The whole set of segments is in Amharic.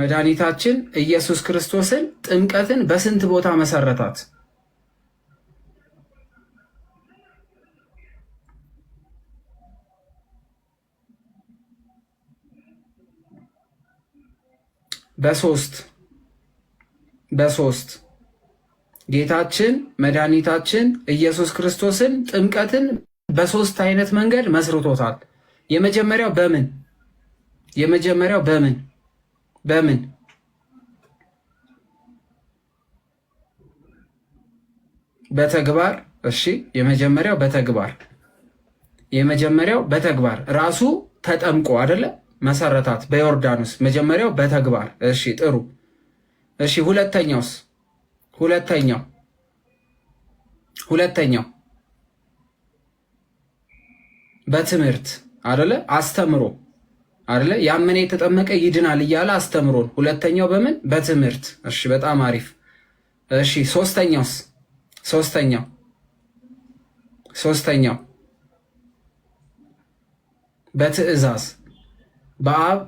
መድኃኒታችን ኢየሱስ ክርስቶስን ጥምቀትን በስንት ቦታ መሰረታት? በሶስት በሶስት ጌታችን መድኃኒታችን ኢየሱስ ክርስቶስን ጥምቀትን በሶስት አይነት መንገድ መስርቶታል። የመጀመሪያው በምን? የመጀመሪያው በምን በምን በተግባር እሺ፣ የመጀመሪያው በተግባር የመጀመሪያው በተግባር ራሱ ተጠምቆ አይደለ መሰረታት በዮርዳኖስ መጀመሪያው በተግባር እሺ፣ ጥሩ እሺ። ሁለተኛውስ ሁለተኛው ሁለተኛው በትምህርት አይደለ አስተምሮ አለ ያመነ የተጠመቀ ይድናል እያለ አስተምሮን። ሁለተኛው በምን በትምህርት እሺ፣ በጣም አሪፍ እሺ። ሶስተኛውስ ሶስተኛው ሶስተኛው በትእዛዝ በአብ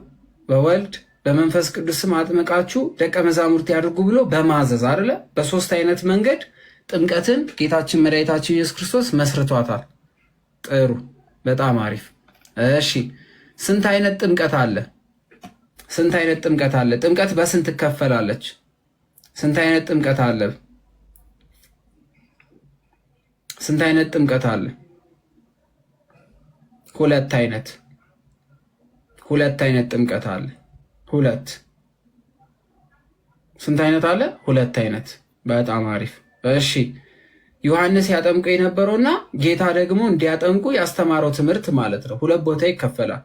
በወልድ በመንፈስ ቅዱስም አጥምቃችሁ ደቀ መዛሙርት ያድርጉ ብሎ በማዘዝ አይደለ በሶስት አይነት መንገድ ጥምቀትን ጌታችን መድኃኒታችን ኢየሱስ ክርስቶስ መስርቷታል። ጥሩ፣ በጣም አሪፍ እሺ ስንት አይነት ጥምቀት አለ? ስንት አይነት ጥምቀት አለ? ጥምቀት በስንት ትከፈላለች? ስንት አይነት ጥምቀት አለ? ስንት አይነት ጥምቀት አለ? ሁለት አይነት ሁለት አይነት ጥምቀት አለ። ሁለት ስንት አይነት አለ? ሁለት አይነት። በጣም አሪፍ። እሺ ዮሐንስ ያጠምቁ የነበረውና ጌታ ደግሞ እንዲያጠምቁ ያስተማረው ትምህርት ማለት ነው። ሁለት ቦታ ይከፈላል።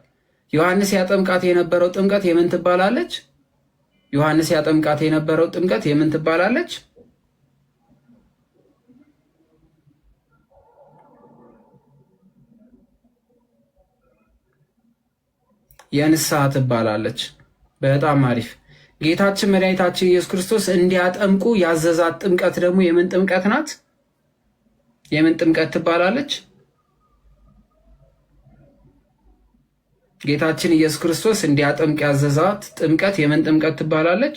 ዮሐንስ ያጠምቃት የነበረው ጥምቀት የምን ትባላለች? ዮሐንስ ያጠምቃት የነበረው ጥምቀት የምን ትባላለች? የንስሐ ትባላለች። በጣም አሪፍ። ጌታችን መድኃኒታችን ኢየሱስ ክርስቶስ እንዲያጠምቁ ያዘዛት ጥምቀት ደግሞ የምን ጥምቀት ናት? የምን ጥምቀት ትባላለች? ጌታችን ኢየሱስ ክርስቶስ እንዲያጠምቅ ያዘዛት ጥምቀት የምን ጥምቀት ትባላለች?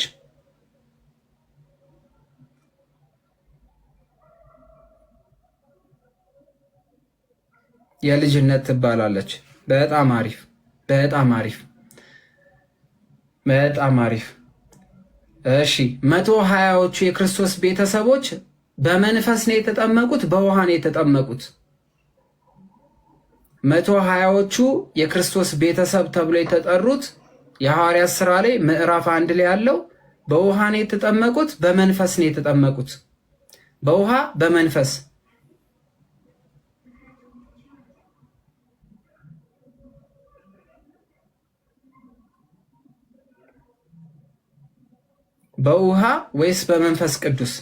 የልጅነት ትባላለች። በጣም አሪፍ፣ በጣም አሪፍ፣ በጣም አሪፍ። እሺ መቶ ሀያዎቹ የክርስቶስ ቤተሰቦች በመንፈስ ነው የተጠመቁት፣ በውሃ ነው የተጠመቁት? መቶ ሀያዎቹ የክርስቶስ ቤተሰብ ተብሎ የተጠሩት የሐዋርያት ስራ ላይ ምዕራፍ አንድ ላይ ያለው በውሃ ነው የተጠመቁት፣ በመንፈስ ነው የተጠመቁት። በውሃ በመንፈስ በውሃ ወይስ በመንፈስ ቅዱስ?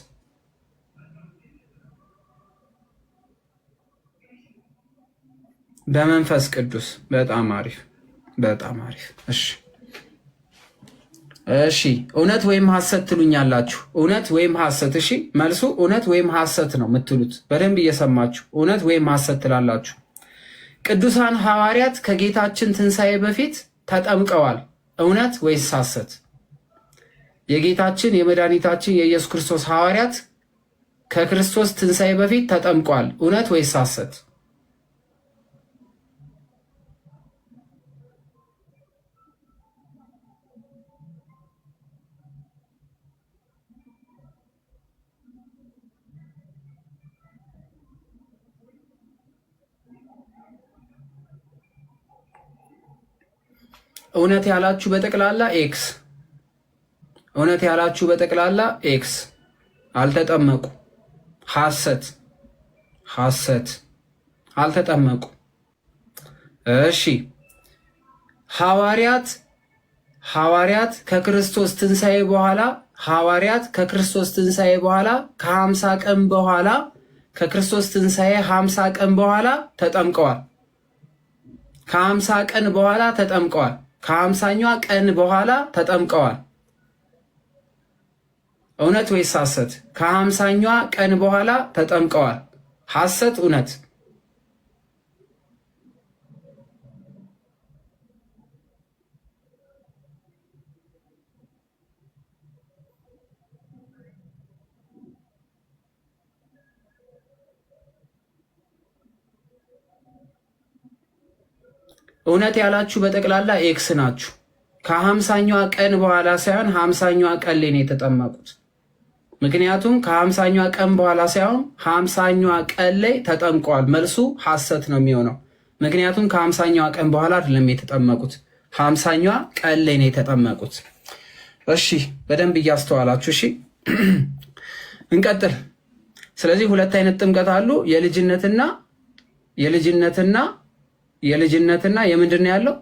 በመንፈስ ቅዱስ በጣም አሪፍ በጣም አሪፍ። እሺ እሺ፣ እውነት ወይም ሐሰት ትሉኛላችሁ። እውነት ወይም ሐሰት? እሺ፣ መልሱ እውነት ወይም ሐሰት ነው የምትሉት። በደንብ እየሰማችሁ እውነት ወይም ሐሰት ትላላችሁ። ቅዱሳን ሐዋርያት ከጌታችን ትንሣኤ በፊት ተጠምቀዋል። እውነት ወይስ ሐሰት? የጌታችን የመድኃኒታችን የኢየሱስ ክርስቶስ ሐዋርያት ከክርስቶስ ትንሣኤ በፊት ተጠምቋል። እውነት ወይስ ሐሰት? እውነት ያላችሁ በጠቅላላ ኤክስ እውነት ያላችሁ በጠቅላላ ኤክስ አልተጠመቁ ሐሰት ሐሰት አልተጠመቁ። እሺ ሐዋርያት ሐዋርያት ከክርስቶስ ትንሣኤ በኋላ ሐዋርያት ከክርስቶስ ትንሣኤ በኋላ ከሀምሳ ቀን በኋላ ከክርስቶስ ትንሣኤ ሀምሳ ቀን በኋላ ተጠምቀዋል። ከሀምሳ ቀን በኋላ ተጠምቀዋል። ከአምሳኛዋ ቀን በኋላ ተጠምቀዋል። እውነት ወይስ ሐሰት? ከአምሳኛዋ ቀን በኋላ ተጠምቀዋል። ሐሰት እውነት እውነት ያላችሁ በጠቅላላ ኤክስ ናችሁ። ከሀምሳኛዋ ቀን በኋላ ሳይሆን ሀምሳኛዋ ቀን ላይ ነው የተጠመቁት። ምክንያቱም ከሀምሳኛዋ ቀን በኋላ ሳይሆን ሀምሳኛዋ ቀን ላይ ተጠምቀዋል። መልሱ ሀሰት ነው የሚሆነው። ምክንያቱም ከሀምሳኛዋ ቀን በኋላ አይደለም የተጠመቁት፣ ሀምሳኛዋ ቀን ላይ ነው የተጠመቁት። እሺ፣ በደንብ እያስተዋላችሁ እሺ፣ እንቀጥል። ስለዚህ ሁለት አይነት ጥምቀት አሉ የልጅነትና የልጅነትና የልጅነትና የምንድን ነው ያለው?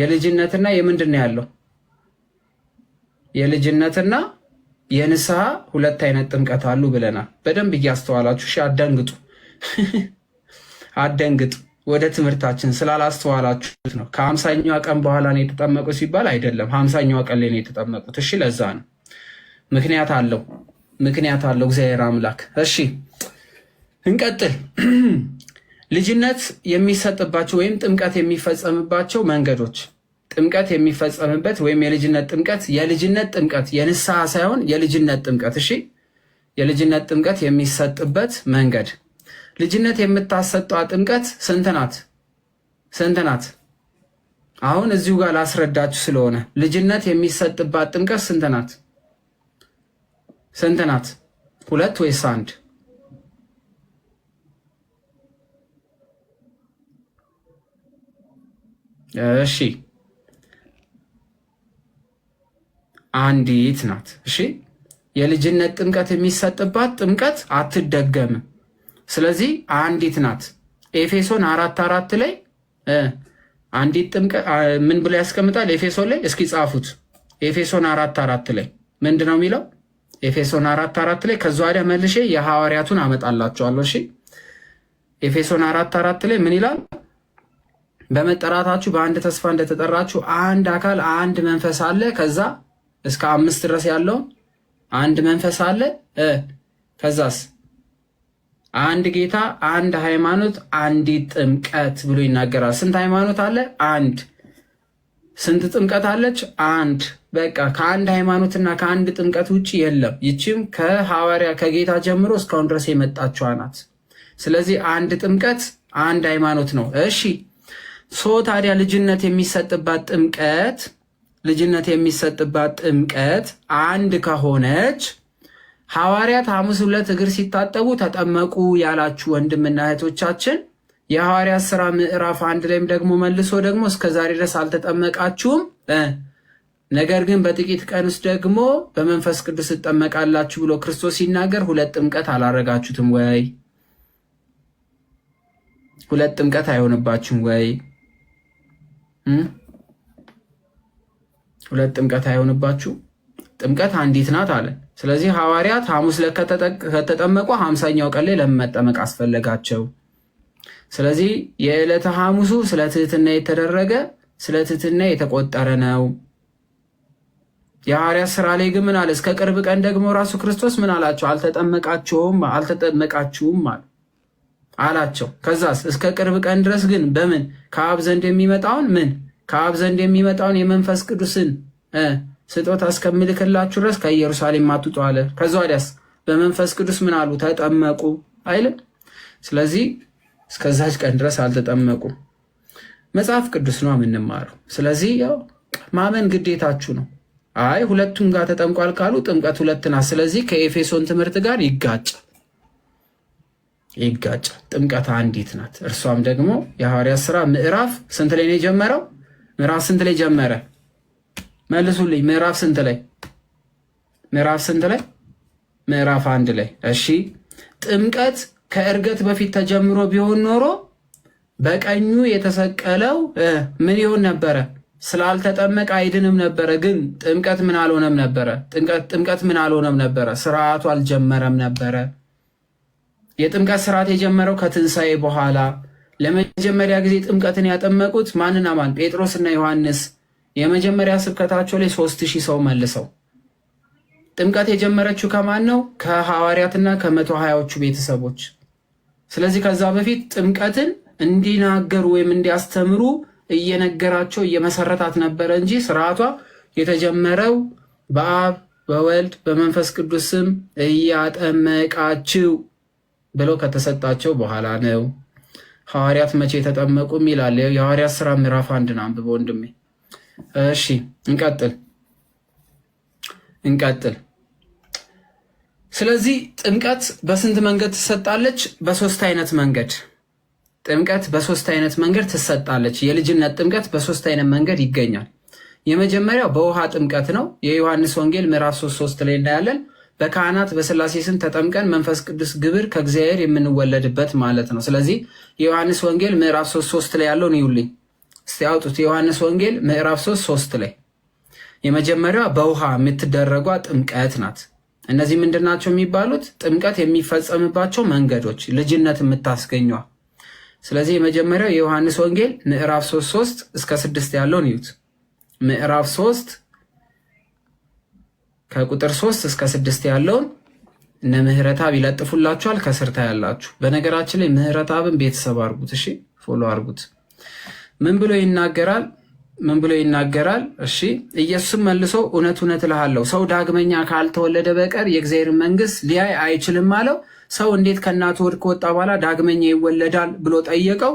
የልጅነትና የምንድን ነው ያለው? የልጅነትና የንስሐ ሁለት አይነት ጥምቀት አሉ ብለናል። በደንብ እያስተዋላችሁ አደንግጡ፣ አደንግጡ። ወደ ትምህርታችን ስላላስተዋላችሁት ነው። ከሀምሳኛዋ ቀን በኋላ ነው የተጠመቁት ሲባል አይደለም፣ ሀምሳኛዋ ቀን ላይ ነው የተጠመቁት። እሺ፣ ለዛ ነው ምክንያት አለው፣ ምክንያት አለው እግዚአብሔር አምላክ። እሺ፣ እንቀጥል። ልጅነት የሚሰጥባቸው ወይም ጥምቀት የሚፈጸምባቸው መንገዶች ጥምቀት የሚፈጸምበት ወይም የልጅነት ጥምቀት የልጅነት ጥምቀት የንስሐ ሳይሆን የልጅነት ጥምቀት እሺ፣ የልጅነት ጥምቀት የሚሰጥበት መንገድ ልጅነት የምታሰጧ ጥምቀት ስንት ናት? ስንት ናት? አሁን እዚሁ ጋር ላስረዳችሁ ስለሆነ ልጅነት የሚሰጥባት ጥምቀት ስንት ናት? ስንት ናት? ሁለት ወይስ አንድ? እሺ አንዲት ናት። እሺ የልጅነት ጥምቀት የሚሰጥባት ጥምቀት አትደገም። ስለዚህ አንዲት ናት። ኤፌሶን አራት አራት ላይ አንዲት ጥምቀት ምን ብሎ ያስቀምጣል? ኤፌሶን ላይ እስኪ ጻፉት። ኤፌሶን አራት አራት ላይ ምንድን ነው የሚለው? ኤፌሶን አራት አራት ላይ ከዚ ወዲያ መልሼ የሐዋርያቱን አመጣላቸዋለሁ። እሺ ኤፌሶን አራት አራት ላይ ምን ይላል? በመጠራታችሁ በአንድ ተስፋ እንደተጠራችሁ አንድ አካል አንድ መንፈስ አለ። ከዛ እስከ አምስት ድረስ ያለው አንድ መንፈስ አለ። ከዛስ አንድ ጌታ፣ አንድ ሃይማኖት፣ አንዲት ጥምቀት ብሎ ይናገራል። ስንት ሃይማኖት አለ? አንድ። ስንት ጥምቀት አለች? አንድ። በቃ ከአንድ ሃይማኖትና ከአንድ ጥምቀት ውጭ የለም። ይችም ከሐዋርያ ከጌታ ጀምሮ እስካሁን ድረስ የመጣችዋ ናት። ስለዚህ አንድ ጥምቀት አንድ ሃይማኖት ነው። እሺ ሶ ታዲያ ልጅነት የሚሰጥባት ጥምቀት ልጅነት የሚሰጥባት ጥምቀት አንድ ከሆነች ሐዋርያት ሐሙስ ሁለት እግር ሲታጠቡ ተጠመቁ ያላችሁ ወንድምና እህቶቻችን የሐዋርያት ሥራ ምዕራፍ አንድ ላይም ደግሞ መልሶ ደግሞ እስከ ዛሬ ድረስ አልተጠመቃችሁም፣ ነገር ግን በጥቂት ቀን ውስጥ ደግሞ በመንፈስ ቅዱስ ትጠመቃላችሁ ብሎ ክርስቶስ ሲናገር ሁለት ጥምቀት አላረጋችሁትም ወይ? ሁለት ጥምቀት አይሆንባችሁም ወይ? ሁለት ጥምቀት አይሆንባችሁ ጥምቀት አንዲት ናት አለ። ስለዚህ ሐዋርያት ሐሙስ ዕለት ከተጠመቁ ሀምሳኛው ቀን ላይ ለምን መጠመቅ አስፈለጋቸው? ስለዚህ የዕለተ ሐሙሱ ስለ ትህትና የተደረገ ስለ ትህትና የተቆጠረ ነው። የሐዋርያት ስራ ላይ ግን ምን አለ? እስከ ቅርብ ቀን ደግሞ ራሱ ክርስቶስ ምን አላቸው? አልተጠመቃቸውም አልተጠመቃችሁም አለ። አላቸው። ከዛስ እስከ ቅርብ ቀን ድረስ ግን በምን ከአብ ዘንድ የሚመጣውን ምን ከአብ ዘንድ የሚመጣውን የመንፈስ ቅዱስን ስጦታ እስከምልክላችሁ ድረስ ከኢየሩሳሌም አትውጡ አለ። ከዛ ወዲያስ በመንፈስ ቅዱስ ምን አሉ? ተጠመቁ አይልም። ስለዚህ እስከዛች ቀን ድረስ አልተጠመቁም። መጽሐፍ ቅዱስ ነው የምንማረው። ስለዚህ ያው ማመን ግዴታችሁ ነው። አይ ሁለቱም ጋር ተጠምቋል ካሉ ጥምቀት ሁለት ናት። ስለዚህ ከኤፌሶን ትምህርት ጋር ይጋጫል። ይጋጫል። ጥምቀት አንዲት ናት። እርሷም ደግሞ የሐዋርያ ስራ ምዕራፍ ስንት ላይ ነው የጀመረው? ምዕራፍ ስንት ላይ ጀመረ? መልሱልኝ። ምዕራፍ ስንት ላይ? ምዕራፍ ስንት ላይ? ምዕራፍ አንድ ላይ። እሺ ጥምቀት ከእርገት በፊት ተጀምሮ ቢሆን ኖሮ በቀኙ የተሰቀለው ምን ይሆን ነበረ? ስላልተጠመቀ አይድንም ነበረ። ግን ጥምቀት ምን አልሆነም ነበረ? ጥምቀት ምን አልሆነም ነበረ? ስርዓቱ አልጀመረም ነበረ። የጥምቀት ስርዓት የጀመረው ከትንሣኤ በኋላ ለመጀመሪያ ጊዜ ጥምቀትን ያጠመቁት ማንና ማን? ጴጥሮስና ዮሐንስ የመጀመሪያ ስብከታቸው ላይ ሶስት ሺህ ሰው መልሰው። ጥምቀት የጀመረችው ከማን ነው? ከሐዋርያትና ከመቶ ሀያዎቹ ቤተሰቦች። ስለዚህ ከዛ በፊት ጥምቀትን እንዲናገሩ ወይም እንዲያስተምሩ እየነገራቸው እየመሰረታት ነበረ እንጂ ስርዓቷ የተጀመረው በአብ በወልድ በመንፈስ ቅዱስ ስም እያጠመቃችው ብሎ ከተሰጣቸው በኋላ ነው። ሐዋርያት መቼ ተጠመቁ ይላል። የሐዋርያት ስራ ምዕራፍ አንድን አንብበ ወንድሜ። እሺ እንቀጥል እንቀጥል። ስለዚህ ጥምቀት በስንት መንገድ ትሰጣለች? በሶስት አይነት መንገድ ጥምቀት በሶስት አይነት መንገድ ትሰጣለች። የልጅነት ጥምቀት በሶስት አይነት መንገድ ይገኛል። የመጀመሪያው በውሃ ጥምቀት ነው። የዮሐንስ ወንጌል ምዕራፍ ሶስት ሶስት ላይ እናያለን። በካህናት በስላሴ ስም ተጠምቀን መንፈስ ቅዱስ ግብር ከእግዚአብሔር የምንወለድበት ማለት ነው። ስለዚህ የዮሐንስ ወንጌል ምዕራፍ 3 3 ላይ ያለውን ይዩልኝ እስቲ አውጡት። የዮሐንስ ወንጌል ምዕራፍ 3 3 ላይ የመጀመሪያዋ በውሃ የምትደረጓ ጥምቀት ናት። እነዚህ ምንድናቸው የሚባሉት? ጥምቀት የሚፈጸምባቸው መንገዶች፣ ልጅነት የምታስገኘዋ። ስለዚህ የመጀመሪያው የዮሐንስ ወንጌል ምዕራፍ 3 3 እስከ 6 ያለውን ይዩት። ምዕራፍ 3 ከቁጥር ሶስት እስከ ስድስት ያለውን እነ ምህረታብ ይለጥፉላችኋል። ከስርታ ያላችሁ በነገራችን ላይ ምህረታብን ቤተሰብ አርጉት፣ እሺ ፎሎ አርጉት። ምን ብሎ ይናገራል? ምን ብሎ ይናገራል? እሺ ኢየሱስም መልሶ እውነት እውነት እልሃለሁ ሰው ዳግመኛ ካልተወለደ በቀር የእግዚአብሔር መንግስት ሊያይ አይችልም አለው። ሰው እንዴት ከእናቱ ወድ ከወጣ በኋላ ዳግመኛ ይወለዳል ብሎ ጠየቀው።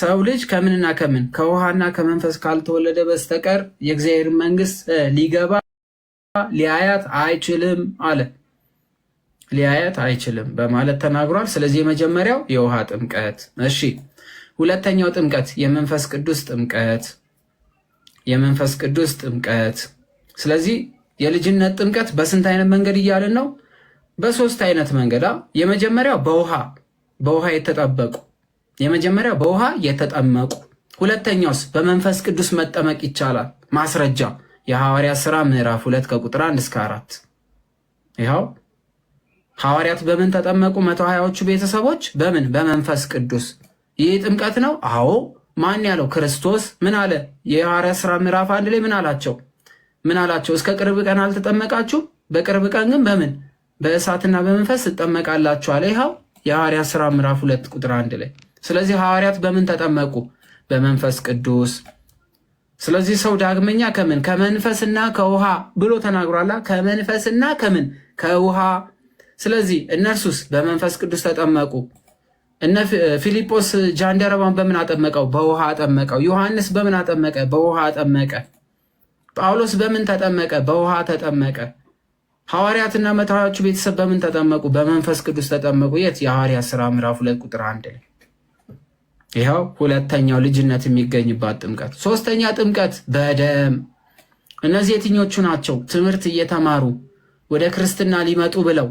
ሰው ልጅ ከምንና ከምን ከውሃና ከመንፈስ ካልተወለደ በስተቀር የእግዚአብሔር መንግስት ሊገባ ሊያያት አይችልም አለ። ሊያያት አይችልም በማለት ተናግሯል። ስለዚህ የመጀመሪያው የውሃ ጥምቀት። እሺ፣ ሁለተኛው ጥምቀት የመንፈስ ቅዱስ ጥምቀት፣ የመንፈስ ቅዱስ ጥምቀት። ስለዚህ የልጅነት ጥምቀት በስንት አይነት መንገድ እያልን ነው? በሶስት አይነት መንገድ። የመጀመሪያው በውሃ በውሃ የተጠበቁ የመጀመሪያው በውሃ የተጠመቁ ሁለተኛውስ በመንፈስ ቅዱስ መጠመቅ ይቻላል። ማስረጃ የሐዋርያት ሥራ ምዕራፍ ሁለት ከቁጥር አንድ እስከ አራት ይኸው ሐዋርያት በምን ተጠመቁ? መቶ ሀያዎቹ ቤተሰቦች በምን በመንፈስ ቅዱስ። ይህ ጥምቀት ነው። አዎ ማን ያለው? ክርስቶስ ምን አለ? የሐዋርያት ሥራ ምዕራፍ አንድ ላይ ምን አላቸው? ምን አላቸው? እስከ ቅርብ ቀን አልተጠመቃችሁ፣ በቅርብ ቀን ግን በምን በእሳትና በመንፈስ ትጠመቃላችሁ አለ። ይኸው የሐዋርያት ሥራ ምዕራፍ ሁለት ቁጥር አንድ ላይ። ስለዚህ ሐዋርያት በምን ተጠመቁ? በመንፈስ ቅዱስ ስለዚህ ሰው ዳግመኛ ከምን ከመንፈስና ከውሃ ብሎ ተናግሯላ። ከመንፈስና ከምን ከውሃ። ስለዚህ እነርሱስ በመንፈስ ቅዱስ ተጠመቁ። እነ ፊልጶስ ጃንደረባን በምን አጠመቀው? በውሃ አጠመቀው። ዮሐንስ በምን አጠመቀ? በውሃ አጠመቀ። ጳውሎስ በምን ተጠመቀ? በውሃ ተጠመቀ። ሐዋርያትና መታዮቹ ቤተሰብ በምን ተጠመቁ? በመንፈስ ቅዱስ ተጠመቁ። የት? የሐዋርያት ሥራ ምዕራፍ ሁለት ቁጥር አንድ ላይ ይኸው ሁለተኛው ልጅነት የሚገኝባት ጥምቀት። ሶስተኛ ጥምቀት በደም እነዚህ የትኞቹ ናቸው? ትምህርት እየተማሩ ወደ ክርስትና ሊመጡ ብለው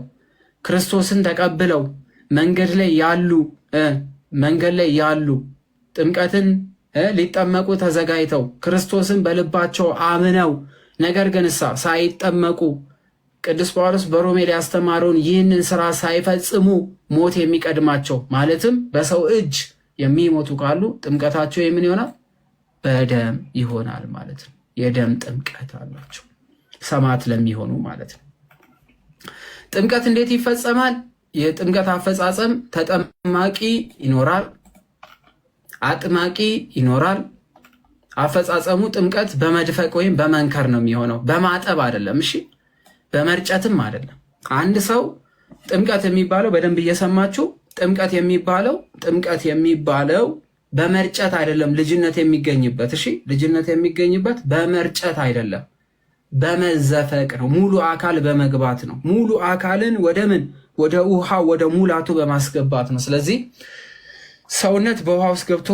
ክርስቶስን ተቀብለው መንገድ ላይ ያሉ መንገድ ላይ ያሉ ጥምቀትን ሊጠመቁ ተዘጋጅተው ክርስቶስን በልባቸው አምነው ነገር ግን እሳ ሳይጠመቁ ቅዱስ ጳውሎስ በሮሜ ያስተማረውን ይህንን ስራ ሳይፈጽሙ ሞት የሚቀድማቸው ማለትም በሰው እጅ የሚሞቱ ካሉ ጥምቀታቸው የምን ይሆናል? በደም ይሆናል ማለት ነው። የደም ጥምቀት አላቸው ሰማዕት ለሚሆኑ ማለት ነው። ጥምቀት እንዴት ይፈጸማል? የጥምቀት አፈጻጸም ተጠማቂ ይኖራል፣ አጥማቂ ይኖራል። አፈጻጸሙ ጥምቀት በመድፈቅ ወይም በመንከር ነው የሚሆነው፣ በማጠብ አይደለም። እሺ፣ በመርጨትም አይደለም። አንድ ሰው ጥምቀት የሚባለው በደንብ እየሰማችሁ ጥምቀት የሚባለው ጥምቀት የሚባለው በመርጨት አይደለም ልጅነት የሚገኝበት። እሺ ልጅነት የሚገኝበት በመርጨት አይደለም፣ በመዘፈቅ ነው። ሙሉ አካል በመግባት ነው። ሙሉ አካልን ወደ ምን ወደ ውሃ ወደ ሙላቱ በማስገባት ነው። ስለዚህ ሰውነት በውሃ ውስጥ ገብቶ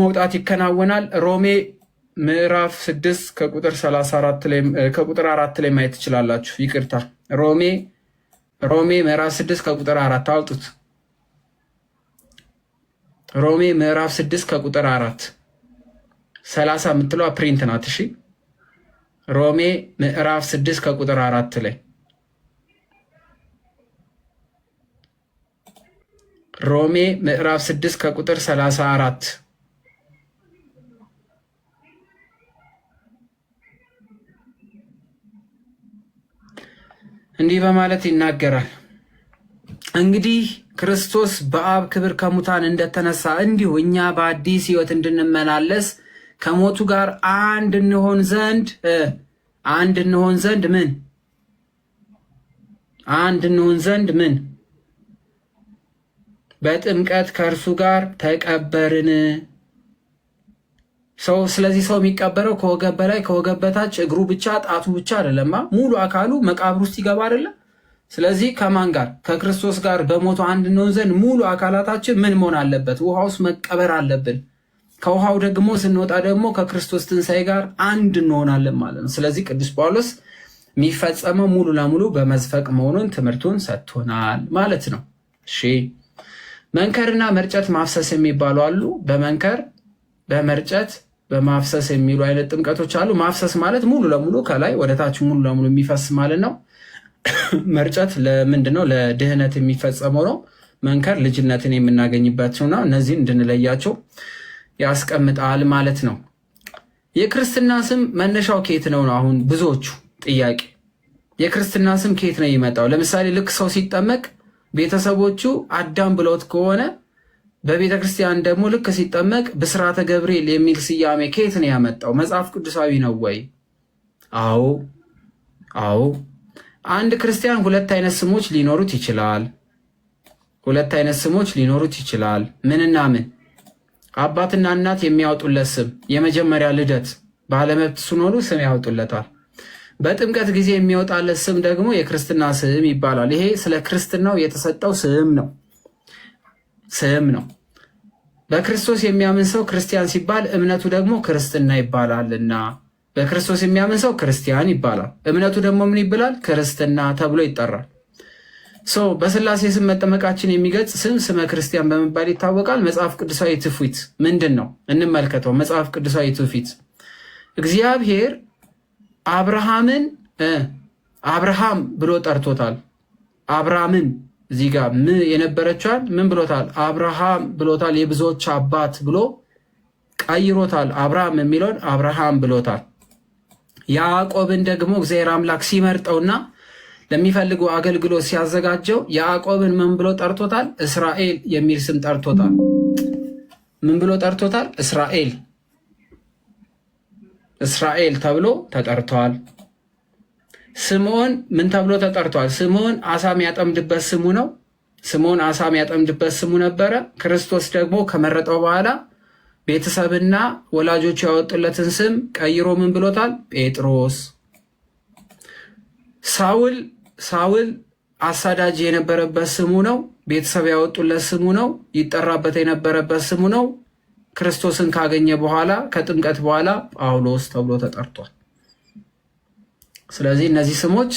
መውጣት ይከናወናል። ሮሜ ምዕራፍ 6 ከቁጥር 34 ላይ ከቁጥር 4 ላይ ማየት ትችላላችሁ። ይቅርታ ሮሜ ሮሜ ምዕራፍ 6 ከቁጥር 4 አውጡት። ሮሜ ምዕራፍ ስድስት ከቁጥር አራት ሰላሳ የምትለዋ ፕሪንት ናት። እሺ ሮሜ ምዕራፍ ስድስት ከቁጥር አራት ላይ ሮሜ ምዕራፍ ስድስት ከቁጥር ሰላሳ አራት እንዲህ በማለት ይናገራል። እንግዲህ ክርስቶስ በአብ ክብር ከሙታን እንደተነሳ እንዲሁ እኛ በአዲስ ህይወት እንድንመላለስ ከሞቱ ጋር አንድ እንሆን ዘንድ አንድ እንሆን ዘንድ ምን አንድ እንሆን ዘንድ ምን በጥምቀት ከእርሱ ጋር ተቀበርን። ሰው ስለዚህ ሰው የሚቀበረው ከወገብ በላይ ከወገብ በታች እግሩ ብቻ ጣቱ ብቻ አይደለማ፣ ሙሉ አካሉ መቃብር ውስጥ ይገባ አይደለም። ስለዚህ ከማን ጋር ከክርስቶስ ጋር በሞቱ አንድ እንሆን ዘንድ ሙሉ አካላታችን ምን መሆን አለበት? ውሃ ውስጥ መቀበር አለብን። ከውሃው ደግሞ ስንወጣ ደግሞ ከክርስቶስ ትንሣኤ ጋር አንድ እንሆናለን ማለት ነው። ስለዚህ ቅዱስ ጳውሎስ የሚፈጸመው ሙሉ ለሙሉ በመዝፈቅ መሆኑን ትምህርቱን ሰጥቶናል ማለት ነው። እሺ መንከርና መርጨት ማፍሰስ የሚባሉ አሉ። በመንከር በመርጨት በማፍሰስ የሚሉ አይነት ጥምቀቶች አሉ። ማፍሰስ ማለት ሙሉ ለሙሉ ከላይ ወደታች ሙሉ ለሙሉ የሚፈስ ማለት ነው። መርጨት ለምንድን ነው? ለድህነት የሚፈጸመው ነው። መንከር ልጅነትን የምናገኝባቸው ነው። እነዚህን እንድንለያቸው ያስቀምጣል ማለት ነው። የክርስትና ስም መነሻው ከየት ነው ነው? አሁን ብዙዎቹ ጥያቄ የክርስትና ስም ከየት ነው ይመጣው? ለምሳሌ ልክ ሰው ሲጠመቅ ቤተሰቦቹ አዳም ብለውት ከሆነ በቤተ ክርስቲያን ደግሞ ልክ ሲጠመቅ ብስራተ ገብርኤል የሚል ስያሜ ከየት ነው ያመጣው? መጽሐፍ ቅዱሳዊ ነው ወይ? አዎ አዎ አንድ ክርስቲያን ሁለት አይነት ስሞች ሊኖሩት ይችላል። ሁለት አይነት ስሞች ሊኖሩት ይችላል። ምንና ምን? አባትና እናት የሚያወጡለት ስም የመጀመሪያ ልደት ባለመብት ሲኖሩ ስም ያወጡለታል። በጥምቀት ጊዜ የሚወጣለት ስም ደግሞ የክርስትና ስም ይባላል። ይሄ ስለ ክርስትናው የተሰጠው ስም ነው ስም ነው። በክርስቶስ የሚያምን ሰው ክርስቲያን ሲባል እምነቱ ደግሞ ክርስትና ይባላልና በክርስቶስ የሚያምን ሰው ክርስቲያን ይባላል። እምነቱ ደግሞ ምን ይብላል? ክርስትና ተብሎ ይጠራል። በስላሴ ስም መጠመቃችን የሚገልጽ ስም ስመ ክርስቲያን በመባል ይታወቃል። መጽሐፍ ቅዱሳዊ ትውፊት ምንድን ነው? እንመልከተው። መጽሐፍ ቅዱሳዊ ትውፊት እግዚአብሔር አብርሃምን አብርሃም ብሎ ጠርቶታል። አብራምን እዚህ ጋር ም የነበረችዋን ምን ብሎታል? አብርሃም ብሎታል። የብዙዎች አባት ብሎ ቀይሮታል። አብርሃም የሚለውን አብርሃም ብሎታል። ያዕቆብን ደግሞ እግዚአብሔር አምላክ ሲመርጠውና ለሚፈልጉ አገልግሎት ሲያዘጋጀው ያዕቆብን ምን ብሎ ጠርቶታል? እስራኤል የሚል ስም ጠርቶታል። ምን ብሎ ጠርቶታል? እስራኤል እስራኤል ተብሎ ተጠርተዋል። ስምዖን ምን ተብሎ ተጠርቷል? ስምዖን አሳ የሚያጠምድበት ስሙ ነው። ስምዖን አሳ የሚያጠምድበት ስሙ ነበረ። ክርስቶስ ደግሞ ከመረጠው በኋላ ቤተሰብና ወላጆች ያወጡለትን ስም ቀይሮ ምን ብሎታል? ጴጥሮስ። ሳውል ሳውል አሳዳጅ የነበረበት ስሙ ነው። ቤተሰብ ያወጡለት ስሙ ነው። ይጠራበት የነበረበት ስሙ ነው። ክርስቶስን ካገኘ በኋላ ከጥምቀት በኋላ ጳውሎስ ተብሎ ተጠርቷል። ስለዚህ እነዚህ ስሞች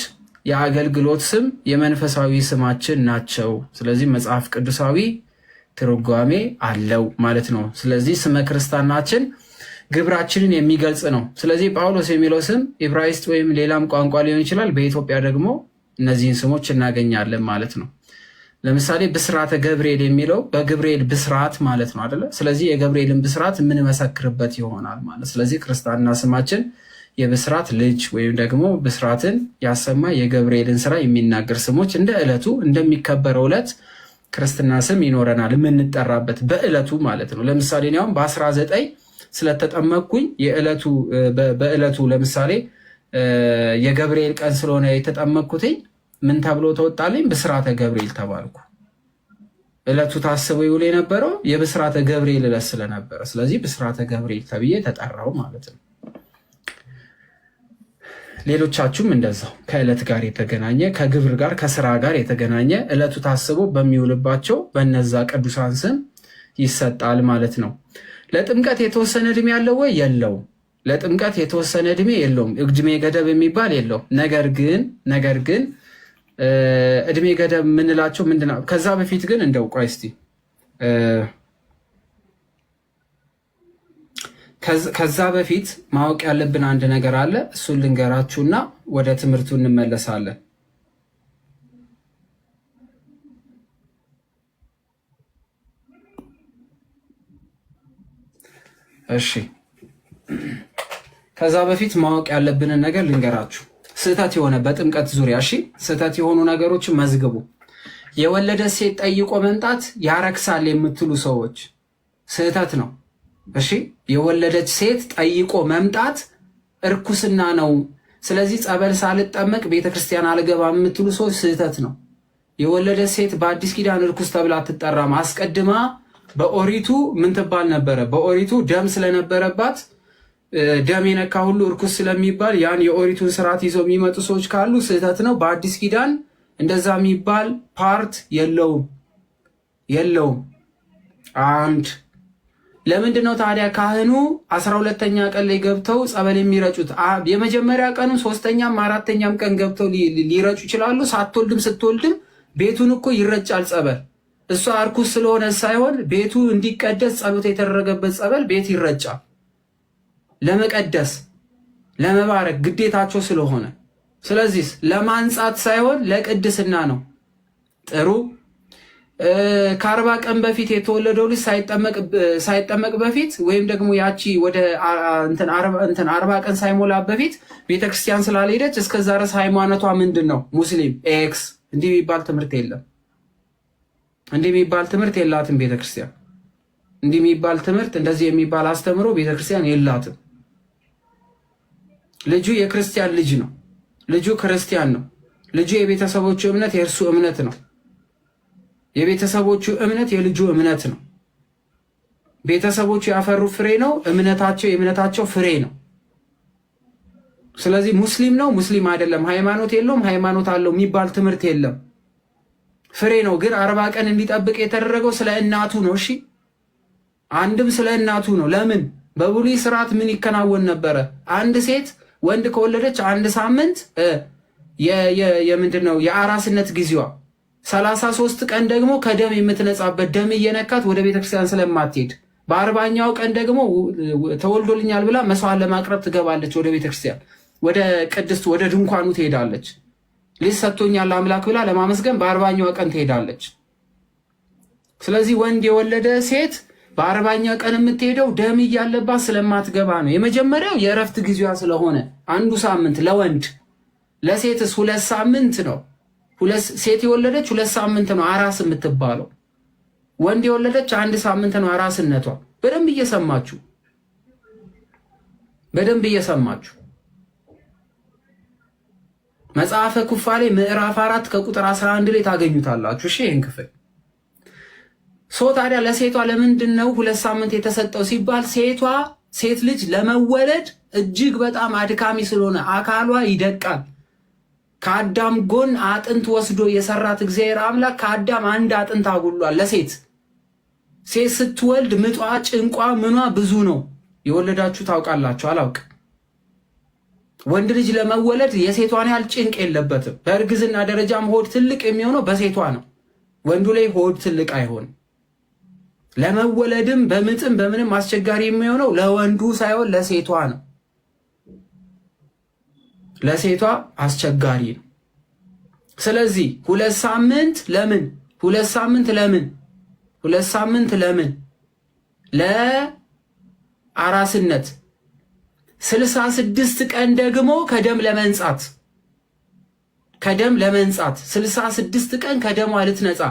የአገልግሎት ስም የመንፈሳዊ ስማችን ናቸው። ስለዚህ መጽሐፍ ቅዱሳዊ ትርጓሜ አለው ማለት ነው። ስለዚህ ስመ ክርስትናችን ግብራችንን የሚገልጽ ነው። ስለዚህ ጳውሎስ የሚለው ስም ዕብራይስጥ ወይም ሌላም ቋንቋ ሊሆን ይችላል። በኢትዮጵያ ደግሞ እነዚህን ስሞች እናገኛለን ማለት ነው። ለምሳሌ ብስራተ ገብርኤል የሚለው በግብርኤል ብስራት ማለት ነው አደለ? ስለዚህ የገብርኤልን ብስራት የምንመሰክርበት ይሆናል ማለት ስለዚህ ክርስትና ስማችን የብስራት ልጅ ወይም ደግሞ ብስራትን ያሰማ የገብርኤልን ስራ የሚናገር ስሞች እንደ ዕለቱ እንደሚከበረው ዕለት ክርስትና ስም ይኖረናል የምንጠራበት በእለቱ ማለት ነው። ለምሳሌ እኔ አሁን በ19 ስለተጠመቅኩኝ በእለቱ ለምሳሌ የገብርኤል ቀን ስለሆነ የተጠመቅኩትኝ ምን ተብሎ ተወጣልኝ? ብስራተ ገብርኤል ተባልኩ። እለቱ ታስበው ይውል የነበረው የብስራተ ገብርኤል እለት ስለነበረ፣ ስለዚህ ብስራተ ገብርኤል ተብዬ ተጠራው ማለት ነው። ሌሎቻችሁም እንደዛው ከእለት ጋር የተገናኘ ከግብር ጋር ከስራ ጋር የተገናኘ እለቱ ታስቦ በሚውልባቸው በነዛ ቅዱሳን ስም ይሰጣል ማለት ነው። ለጥምቀት የተወሰነ እድሜ ያለው ወይ የለውም? ለጥምቀት የተወሰነ እድሜ የለውም። እድሜ ገደብ የሚባል የለውም። ነገር ግን ነገር ግን እድሜ ገደብ የምንላቸው ምንድን ነው? ከዛ በፊት ግን እንደው ቆይ ከዛ በፊት ማወቅ ያለብን አንድ ነገር አለ። እሱን ልንገራችሁና ወደ ትምህርቱ እንመለሳለን። እሺ፣ ከዛ በፊት ማወቅ ያለብንን ነገር ልንገራችሁ። ስህተት የሆነ በጥምቀት ዙሪያ እሺ፣ ስህተት የሆኑ ነገሮችን መዝግቡ። የወለደ ሴት ጠይቆ መምጣት ያረክሳል የምትሉ ሰዎች ስህተት ነው። እሺ የወለደች ሴት ጠይቆ መምጣት እርኩስና ነው። ስለዚህ ጸበል ሳልጠመቅ ቤተ ክርስቲያን አልገባም የምትሉ ሰዎች ስህተት ነው። የወለደች ሴት በአዲስ ኪዳን እርኩስ ተብላ አትጠራም። አስቀድማ በኦሪቱ ምን ትባል ነበረ? በኦሪቱ ደም ስለነበረባት ደም የነካ ሁሉ እርኩስ ስለሚባል ያን የኦሪቱን ስርዓት ይዘው የሚመጡ ሰዎች ካሉ ስህተት ነው። በአዲስ ኪዳን እንደዛ የሚባል ፓርት የለውም የለውም። አንድ ለምንድን ነው ታዲያ ካህኑ አስራ ሁለተኛ ቀን ላይ ገብተው ጸበል የሚረጩት? የመጀመሪያ ቀኑ ሶስተኛም አራተኛም ቀን ገብተው ሊረጩ ይችላሉ። ሳትወልድም ስትወልድም ቤቱን እኮ ይረጫል ጸበል። እሷ እርኩስ ስለሆነ ሳይሆን ቤቱ እንዲቀደስ ጸሎት የተደረገበት ጸበል ቤት ይረጫል ለመቀደስ ለመባረክ ግዴታቸው ስለሆነ ስለዚህ ለማንጻት ሳይሆን ለቅድስና ነው ጥሩ ከአርባ ቀን በፊት የተወለደው ልጅ ሳይጠመቅ በፊት ወይም ደግሞ ያቺ ወደ እንትን አርባ ቀን ሳይሞላ በፊት ቤተክርስቲያን ስላልሄደች እስከዛ ድረስ ሃይማኖቷ ምንድን ነው? ሙስሊም ኤክስ። እንዲህ የሚባል ትምህርት የለም። እንዲህ የሚባል ትምህርት የላትም ቤተክርስቲያን። እንዲህ የሚባል ትምህርት፣ እንደዚህ የሚባል አስተምሮ ቤተክርስቲያን የላትም። ልጁ የክርስቲያን ልጅ ነው። ልጁ ክርስቲያን ነው። ልጁ የቤተሰቦቹ እምነት የእርሱ እምነት ነው። የቤተሰቦቹ እምነት የልጁ እምነት ነው። ቤተሰቦቹ ያፈሩ ፍሬ ነው። እምነታቸው የእምነታቸው ፍሬ ነው። ስለዚህ ሙስሊም ነው፣ ሙስሊም አይደለም፣ ሃይማኖት የለውም፣ ሃይማኖት አለው የሚባል ትምህርት የለም። ፍሬ ነው። ግን አርባ ቀን እንዲጠብቅ የተደረገው ስለ እናቱ ነው። እሺ አንድም ስለ እናቱ ነው። ለምን በብሉይ ስርዓት ምን ይከናወን ነበረ? አንድ ሴት ወንድ ከወለደች አንድ ሳምንት የምንድን ነው የአራስነት ጊዜዋ ሰላሳ ሶስት ቀን ደግሞ ከደም የምትነጻበት ደም እየነካት ወደ ቤተክርስቲያን ስለማትሄድ በአርባኛው ቀን ደግሞ ተወልዶልኛል ብላ መስዋዕት ለማቅረብ ትገባለች። ወደ ቤተክርስቲያን፣ ወደ ቅድስት ወደ ድንኳኑ ትሄዳለች። ልጅ ሰጥቶኛል አምላክ ብላ ለማመስገን በአርባኛው ቀን ትሄዳለች። ስለዚህ ወንድ የወለደ ሴት በአርባኛ ቀን የምትሄደው ደም እያለባት ስለማትገባ ነው። የመጀመሪያው የእረፍት ጊዜዋ ስለሆነ አንዱ ሳምንት ለወንድ ለሴትስ ሁለት ሳምንት ነው። ሴት የወለደች ሁለት ሳምንት ነው አራስ የምትባለው። ወንድ የወለደች አንድ ሳምንት ነው አራስነቷ። በደንብ እየሰማችሁ በደንብ እየሰማችሁ መጽሐፈ ኩፋሌ ምዕራፍ አራት ከቁጥር 11 ላይ ታገኙታላችሁ። እሺ ይህን ክፍል ሶ ታዲያ ለሴቷ ለምንድን ነው ሁለት ሳምንት የተሰጠው ሲባል ሴቷ ሴት ልጅ ለመወለድ እጅግ በጣም አድካሚ ስለሆነ አካሏ ይደቃል። ከአዳም ጎን አጥንት ወስዶ የሰራት እግዚአብሔር አምላክ ከአዳም አንድ አጥንት አጉሏል ለሴት ሴት ስትወልድ ምጧ ጭንቋ ምኗ ብዙ ነው የወለዳችሁ ታውቃላችሁ አላውቅ ወንድ ልጅ ለመወለድ የሴቷን ያህል ጭንቅ የለበትም በእርግዝና ደረጃም ሆድ ትልቅ የሚሆነው በሴቷ ነው ወንዱ ላይ ሆድ ትልቅ አይሆንም ለመወለድም በምጥም በምንም አስቸጋሪ የሚሆነው ለወንዱ ሳይሆን ለሴቷ ነው ለሴቷ አስቸጋሪ ነው። ስለዚህ ሁለት ሳምንት ለምን ሁለት ሳምንት ለምን ሁለት ሳምንት ለምን ለአራስነት ስልሳ ስድስት ቀን ደግሞ ከደም ለመንጻት ከደም ለመንጻት ስልሳ ስድስት ቀን ከደም ልትነጻ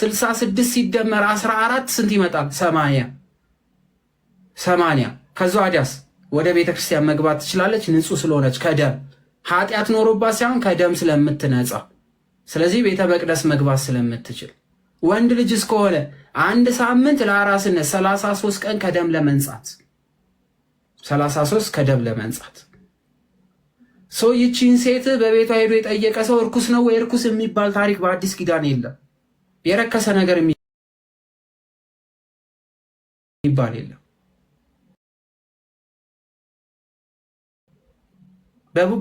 ስልሳ ስድስት ሲደመር አስራ አራት ስንት ይመጣል? ሰማንያ ሰማንያ ከዛ ወዲያስ ወደ ቤተ ክርስቲያን መግባት ትችላለች፣ ንጹህ ስለሆነች ከደም ኃጢአት ኖሮባት ሳይሆን ከደም ስለምትነጻ፣ ስለዚህ ቤተ መቅደስ መግባት ስለምትችል ወንድ ልጅ እስከሆነ አንድ ሳምንት ለአራስነት 33 ቀን ከደም ለመንጻት 33 ከደም ለመንጻት ሶ ይቺን ሴት በቤቷ ሄዶ የጠየቀ ሰው እርኩስ ነው ወይ? እርኩስ የሚባል ታሪክ በአዲስ ኪዳን የለም። የረከሰ ነገር የሚባል የለም።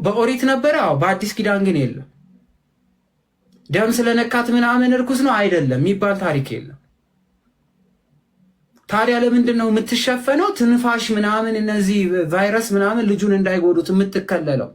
በኦሪት ነበረ። አዎ በአዲስ ኪዳን ግን የለም። ደም ስለነካት ምናምን እርኩስ ነው አይደለም የሚባል ታሪክ የለም። ታዲያ ለምንድን ነው የምትሸፈነው? ትንፋሽ ምናምን እነዚህ ቫይረስ ምናምን ልጁን እንዳይጎዱት የምትከለለው?